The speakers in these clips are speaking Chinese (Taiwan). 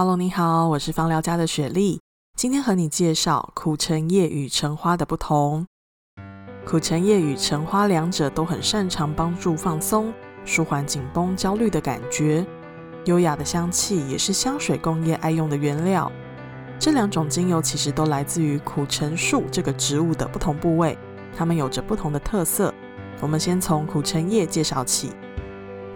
Hello，你好，我是芳療家的雪莉，今天和你介紹苦橙葉與橙花的不同。苦橙葉與橙花兩者都很擅長幫助放鬆、舒緩緊繃、焦慮的感覺，優雅的香氣也是香水工業愛用的原料。這兩種精油其實都來自於苦橙樹這個植物的不同部位，它們有着不同的特色。我們先從苦橙葉介紹起。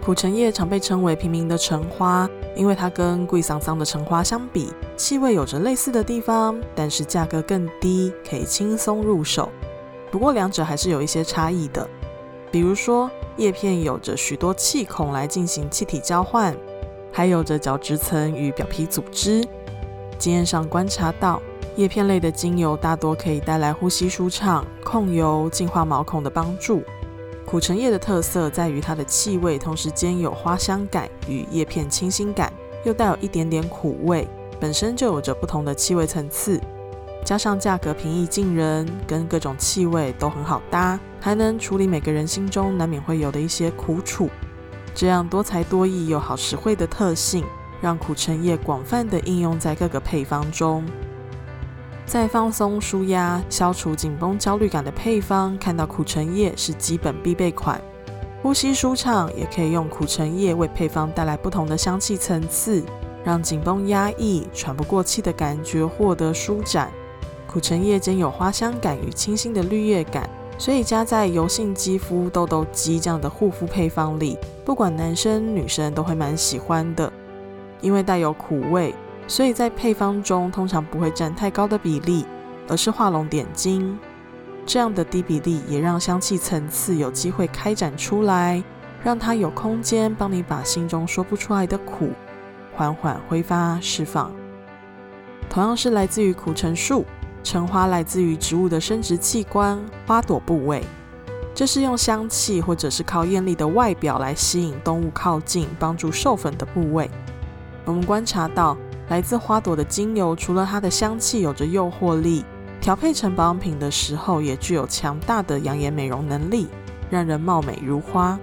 苦橙葉常被稱為平民的橙花，因為它跟貴桑桑的橙花相比，氣味有着類似的地方，但是價格更低，可以輕鬆入手。不過兩者還是有一些差異的，比如說葉片有着許多氣孔來進行氣體交換，還有着角質層與表皮組織。經驗上觀察到，葉片類的精油大多可以帶來呼吸舒暢、控油、淨化毛孔的幫助。苦橙葉的特色在於它的氣味，同時兼有花香感與葉片清新感，又帶有一點點苦味，本身就有着不同的氣味層次。加上價格平易近人，跟各種氣味都很好搭，還能處理每個人心中難免會有的一些苦楚。這樣多才多藝又好實惠的特性，讓苦橙葉廣泛的應用在各個配方中。在放鬆、舒壓、消除緊繃焦慮感的配方，看到苦橙葉是基本必備款。呼吸舒暢，也可以用苦橙葉為配方帶來不同的香氣層次，讓緊繃、壓抑、喘不過氣的感覺獲得舒展。苦橙葉兼有花香感與清新的綠葉感，所以加在油性肌膚、痘痘肌這樣的護膚配方裡，不管男生女生都會蠻喜歡的，因為帶有苦味。所以在配方中通常不會占太高的比例，而是畫龍點睛。這樣的低比例也讓香氣層次有機會開展出來，讓它有空間幫你把心中說不出來的苦緩緩揮發釋放。同樣是來自於苦橙樹，橙花來自於植物的生殖器官，花朵部位，這是用香氣或者是靠豔麗的外表來吸引動物靠近，幫助授粉的部位。我們觀察到。來自花朵的精油，除了它的香氣有着誘惑力，調配成保養品的時候，也具有強大的養顏美容能力，讓人貌美如花。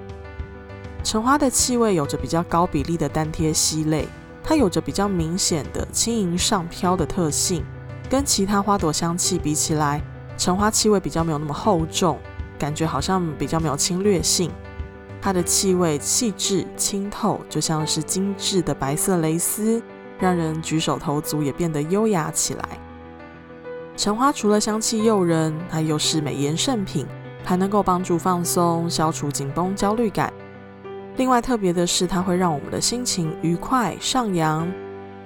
橙花的氣味有着比較高比例的單萜烯類，它有着比較明顯的輕盈上飄的特性，跟其他花朵香氣比起來，橙花氣味比較沒有那麼厚重，感覺好像比較沒有侵略性。它的氣味氣質清透，就像是精緻的白色蕾絲。讓人舉手投足也變得優雅起來。橙花除了香氣誘人，它又是美顏聖品，還能夠幫助放鬆、消除緊繃焦慮感。另外特別的是，它會讓我們的心情愉快上揚，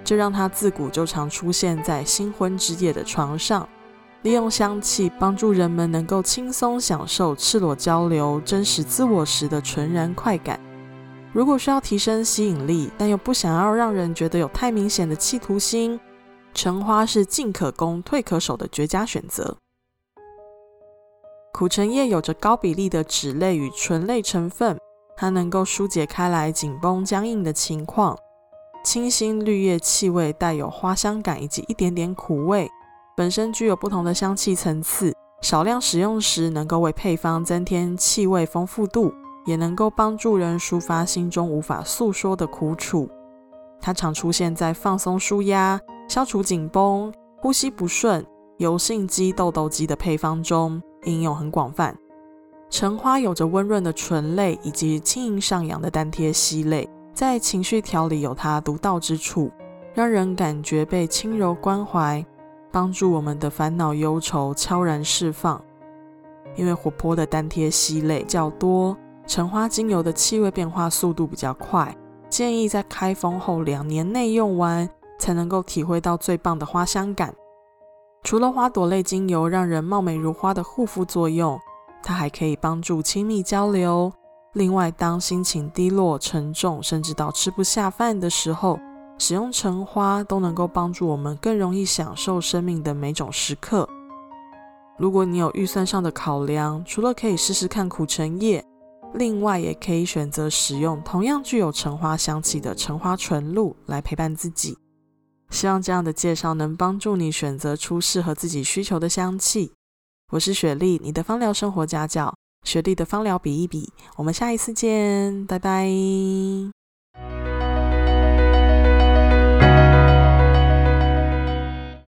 這讓它自古就常出現在新婚之夜的床上，利用香氣幫助人們能夠輕鬆享受赤裸交流、真實自我時的純然快感。如果需要提升吸引力，但又不想要讓人覺得有太明顯的企圖心，橙花是進可攻、退可守的絕佳選擇。苦橙葉有着高比例的酯類與醇類成分，它能夠疏解開來緊繃僵硬的情況。清新綠葉氣味，帶有花香感以及一點點苦味，本身具有不同的香氣層次，少量使用時能夠為配方增添氣味豐富度。也能夠幫助人抒發心中無法訴說的苦楚，它常出現在放鬆舒壓、消除緊繃、呼吸不順、油性肌、痘痘肌的配方中，應用很廣泛。橙花有着溫潤的醇類以及輕盈上揚的單萜烯類，在情緒調理有它獨到之處，讓人感覺被輕柔關懷，幫助我們的煩惱憂愁悄然釋放。因為活潑的單萜烯類較多。橙花精油的氣味變化速度比較快，建議在開封後兩年內用完，才能夠體會到最棒的花香感。除了花朵類精油讓人貌美如花的護膚作用，它還可以幫助親密交流。另外，當心情低落、沉重，甚至到吃不下飯的時候，使用橙花都能夠幫助我們更容易享受生命的每種時刻。如果你有預算上的考量，除了可以試試看苦橙葉。另外，也可以選擇使用同樣具有橙花香氣的橙花純露來陪伴自己。希望這樣的介紹能幫助你選擇出適合自己需求的香氣。我是雪莉，你的芳療生活家教。雪莉的芳療比一比，我們下一次見，拜拜。